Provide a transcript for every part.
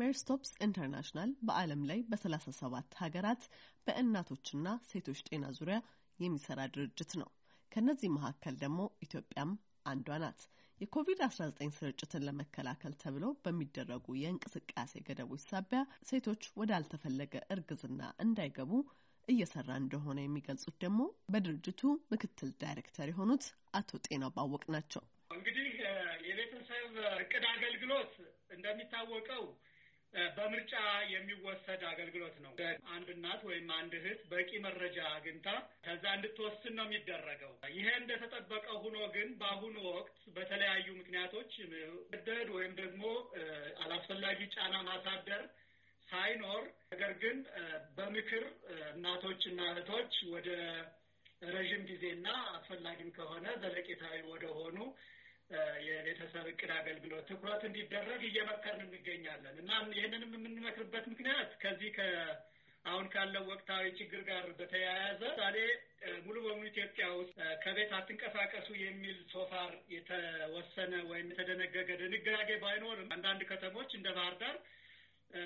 ሜርስቶፕስ ኢንተርናሽናል በዓለም ላይ በ37 ሀገራት በእናቶችና ሴቶች ጤና ዙሪያ የሚሰራ ድርጅት ነው። ከእነዚህ መካከል ደግሞ ኢትዮጵያም አንዷ ናት። የኮቪድ-19 ስርጭትን ለመከላከል ተብለው በሚደረጉ የእንቅስቃሴ ገደቦች ሳቢያ ሴቶች ወዳልተፈለገ እርግዝና እንዳይገቡ እየሰራ እንደሆነ የሚገልጹት ደግሞ በድርጅቱ ምክትል ዳይሬክተር የሆኑት አቶ ጤናው ባወቅ ናቸው። እንግዲህ የቤተሰብ እቅድ አገልግሎት እንደሚታወቀው በምርጫ የሚወሰድ አገልግሎት ነው። አንድ እናት ወይም አንድ እህት በቂ መረጃ አግኝታ ከዛ እንድትወስን ነው የሚደረገው። ይሄ እንደተጠበቀ ሆኖ ግን በአሁኑ ወቅት በተለያዩ ምክንያቶች መገደድ ወይም ደግሞ አላስፈላጊ ጫና ማሳደር ሳይኖር ነገር ግን በምክር እናቶች እና እህቶች ወደ ረዥም ጊዜና አስፈላጊም ከሆነ ዘለቄታዊ ወደሆኑ የቤተሰብ እቅድ አገልግሎት ትኩረት እንዲደረግ እየመከርን እንገኛለን እና ይህንንም የምንመክርበት ምክንያት ከዚህ አሁን ካለው ወቅታዊ ችግር ጋር በተያያዘ ምሳሌ ሙሉ በሙሉ ኢትዮጵያ ውስጥ ከቤት አትንቀሳቀሱ የሚል ሶፋር የተወሰነ ወይም የተደነገገ ድንጋጌ ባይኖርም አንዳንድ ከተሞች እንደ ባህር ዳር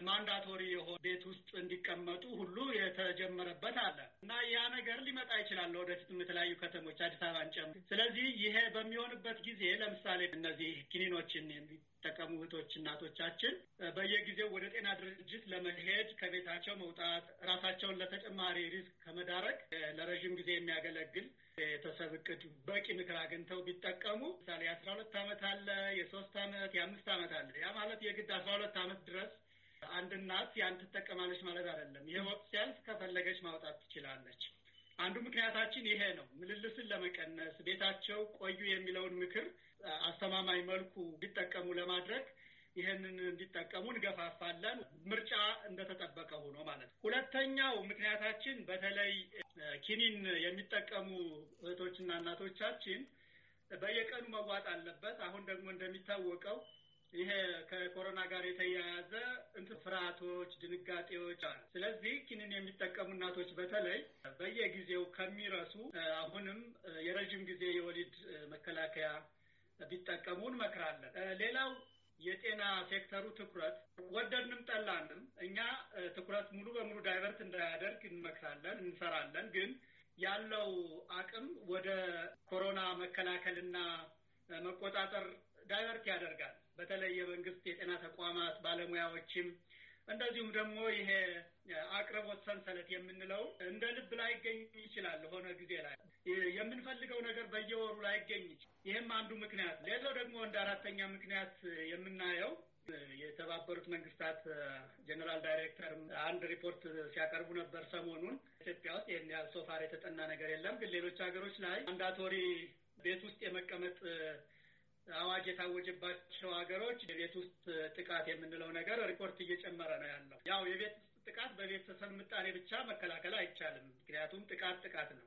ማንዳቶሪ የሆነ ቤት ውስጥ እንዲቀመጡ ሁሉ የተጀመረበት አለ እና ያ ነገር ሊመጣ ይችላል ወደፊትም የተለያዩ ከተሞች አዲስ አበባን ጨምሮ። ስለዚህ ይሄ በሚሆንበት ጊዜ ለምሳሌ እነዚህ ኪኒኖችን የሚጠቀሙ እህቶች እናቶቻችን በየጊዜው ወደ ጤና ድርጅት ለመሄድ ከቤታቸው መውጣት፣ ራሳቸውን ለተጨማሪ ሪስክ ከመዳረግ ለረዥም ጊዜ የሚያገለግል የተሰብ እቅድ በቂ ምክር አግኝተው ቢጠቀሙ ምሳሌ የአስራ ሁለት ዓመት አለ የሶስት ዓመት የአምስት ዓመት አለ ያ ማለት የግድ አስራ ሁለት ዓመት ድረስ አንድ እናት ያን ትጠቀማለች ማለት አይደለም። ይሄ ወቅት ሲያልፍ ከፈለገች ማውጣት ትችላለች። አንዱ ምክንያታችን ይሄ ነው። ምልልስን ለመቀነስ ቤታቸው ቆዩ የሚለውን ምክር አስተማማኝ መልኩ እንዲጠቀሙ ለማድረግ ይህንን እንዲጠቀሙ እንገፋፋለን። ምርጫ እንደተጠበቀ ሆኖ ማለት ነው። ሁለተኛው ምክንያታችን በተለይ ኪኒን የሚጠቀሙ እህቶችና እናቶቻችን በየቀኑ መዋጥ አለበት። አሁን ደግሞ እንደሚታወቀው ይሄ ከኮሮና ጋር የተያያዘ እንት ፍርሃቶች፣ ድንጋጤዎች አሉ። ስለዚህ ኪንን የሚጠቀሙ እናቶች በተለይ በየጊዜው ከሚረሱ አሁንም የረዥም ጊዜ የወሊድ መከላከያ ቢጠቀሙ እንመክራለን። ሌላው የጤና ሴክተሩ ትኩረት ወደድንም ጠላንም እኛ ትኩረት ሙሉ በሙሉ ዳይቨርት እንዳያደርግ እንመክራለን፣ እንሰራለን። ግን ያለው አቅም ወደ ኮሮና መከላከልና መቆጣጠር ዳይቨርት ያደርጋል። በተለይ የመንግስት የጤና ተቋማት ባለሙያዎችም እንደዚሁም ደግሞ ይሄ አቅርቦት ሰንሰለት የምንለው እንደ ልብ ላይገኝ ይችላል። ሆነ ጊዜ ላይ የምንፈልገው ነገር በየወሩ ላይገኝ ይችላል። ይህም አንዱ ምክንያት። ሌላው ደግሞ እንደ አራተኛ ምክንያት የምናየው የተባበሩት መንግስታት ጀኔራል ዳይሬክተር አንድ ሪፖርት ሲያቀርቡ ነበር ሰሞኑን። ኢትዮጵያ ውስጥ ይህን ያህል ሶፋር የተጠና ነገር የለም፣ ግን ሌሎች ሀገሮች ላይ ማንዳቶሪ ቤት ውስጥ የመቀመጥ አዋጅ የታወጀባቸው ሀገሮች የቤት ውስጥ ጥቃት የምንለው ነገር ሪፖርት እየጨመረ ነው ያለው። ያው የቤት ውስጥ ጥቃት በቤተሰብ ምጣኔ ብቻ መከላከል አይቻልም። ምክንያቱም ጥቃት ጥቃት ነው።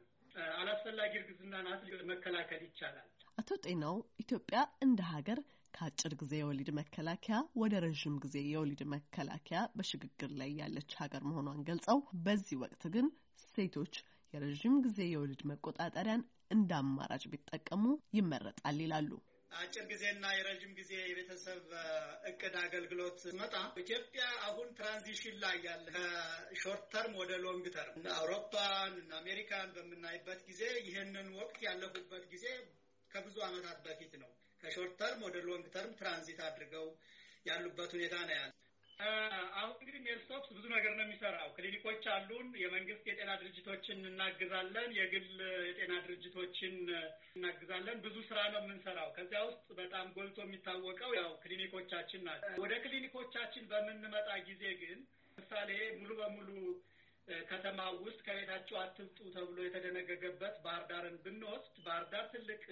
አላስፈላጊ እርግዝና ናት መከላከል ይቻላል። አቶ ጤናው ኢትዮጵያ እንደ ሀገር ከአጭር ጊዜ የወሊድ መከላከያ ወደ ረዥም ጊዜ የወሊድ መከላከያ በሽግግር ላይ ያለች ሀገር መሆኗን ገልጸው በዚህ ወቅት ግን ሴቶች የረዥም ጊዜ የወሊድ መቆጣጠሪያን እንደ አማራጭ ቢጠቀሙ ይመረጣል ይላሉ። አጭር ጊዜና የረዥም ጊዜ የቤተሰብ እቅድ አገልግሎት መጣ ኢትዮጵያ አሁን ትራንዚሽን ላይ ያለ ከሾርት ተርም ወደ ሎንግ ተርም አውሮፓን እና አሜሪካን በምናይበት ጊዜ ይህንን ወቅት ያለፉበት ጊዜ ከብዙ ዓመታት በፊት ነው። ከሾርት ተርም ወደ ሎንግ ተርም ትራንዚት አድርገው ያሉበት ሁኔታ ነው ያለ አሁን እንግዲህ ሜልሶፕስ ብዙ ነገር ነው የሚሰራው። ክሊኒኮች አሉን፣ የመንግስት የጤና ድርጅቶችን እናግዛለን፣ የግል የጤና ድርጅቶችን እናግዛለን። ብዙ ስራ ነው የምንሰራው። ከዚያ ውስጥ በጣም ጎልቶ የሚታወቀው ያው ክሊኒኮቻችን ናቸው። ወደ ክሊኒኮቻችን በምንመጣ ጊዜ ግን ለምሳሌ ሙሉ በሙሉ ከተማ ውስጥ ከቤታቸው አትልጡ ተብሎ የተደነገገበት ባህር ዳርን ብንወስድ ባህር ዳር ትልቅ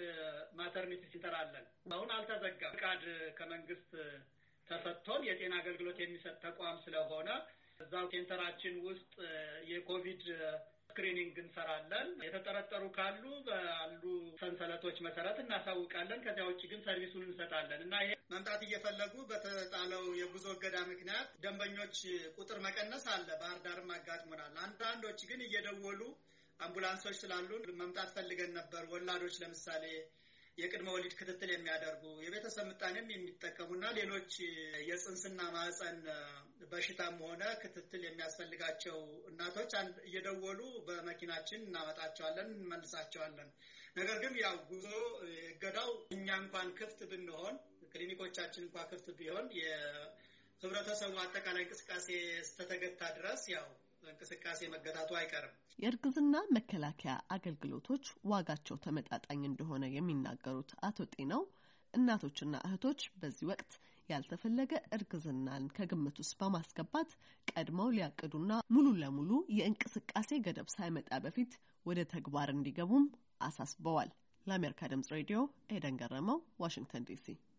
ማተርኒቲ ሴንተር አለን። አሁን አልተዘጋም። ፍቃድ ከመንግስት ተፈቶም የጤና አገልግሎት የሚሰጥ ተቋም ስለሆነ እዛው ሴንተራችን ውስጥ የኮቪድ ስክሪኒንግ እንሰራለን። የተጠረጠሩ ካሉ ባሉ ሰንሰለቶች መሰረት እናሳውቃለን። ከዚያ ውጭ ግን ሰርቪሱን እንሰጣለን እና ይሄ መምጣት እየፈለጉ በተጣለው የጉዞ እገዳ ምክንያት ደንበኞች ቁጥር መቀነስ አለ። ባህር ዳርም አጋጥሞናል። አንዳንዶች ግን እየደወሉ አምቡላንሶች ስላሉን መምጣት ፈልገን ነበር፣ ወላዶች ለምሳሌ የቅድመ ወሊድ ክትትል የሚያደርጉ የቤተሰብ ምጣኔም የሚጠቀሙና ሌሎች የጽንስና ማህፀን በሽታም ሆነ ክትትል የሚያስፈልጋቸው እናቶች እየደወሉ በመኪናችን እናመጣቸዋለን፣ እንመልሳቸዋለን። ነገር ግን ያው ጉዞ እገዳው እኛ እንኳን ክፍት ብንሆን ክሊኒኮቻችን እንኳ ክፍት ቢሆን የህብረተሰቡ አጠቃላይ እንቅስቃሴ ስተተገታ ድረስ ያው ለእንቅስቃሴ መገታቱ አይቀርም። የእርግዝና መከላከያ አገልግሎቶች ዋጋቸው ተመጣጣኝ እንደሆነ የሚናገሩት አቶ ጤናው እናቶችና እህቶች በዚህ ወቅት ያልተፈለገ እርግዝናን ከግምት ውስጥ በማስገባት ቀድመው ሊያቅዱና ሙሉ ለሙሉ የእንቅስቃሴ ገደብ ሳይመጣ በፊት ወደ ተግባር እንዲገቡም አሳስበዋል። ለአሜሪካ ድምጽ ሬዲዮ ኤደን ገረመው፣ ዋሽንግተን ዲሲ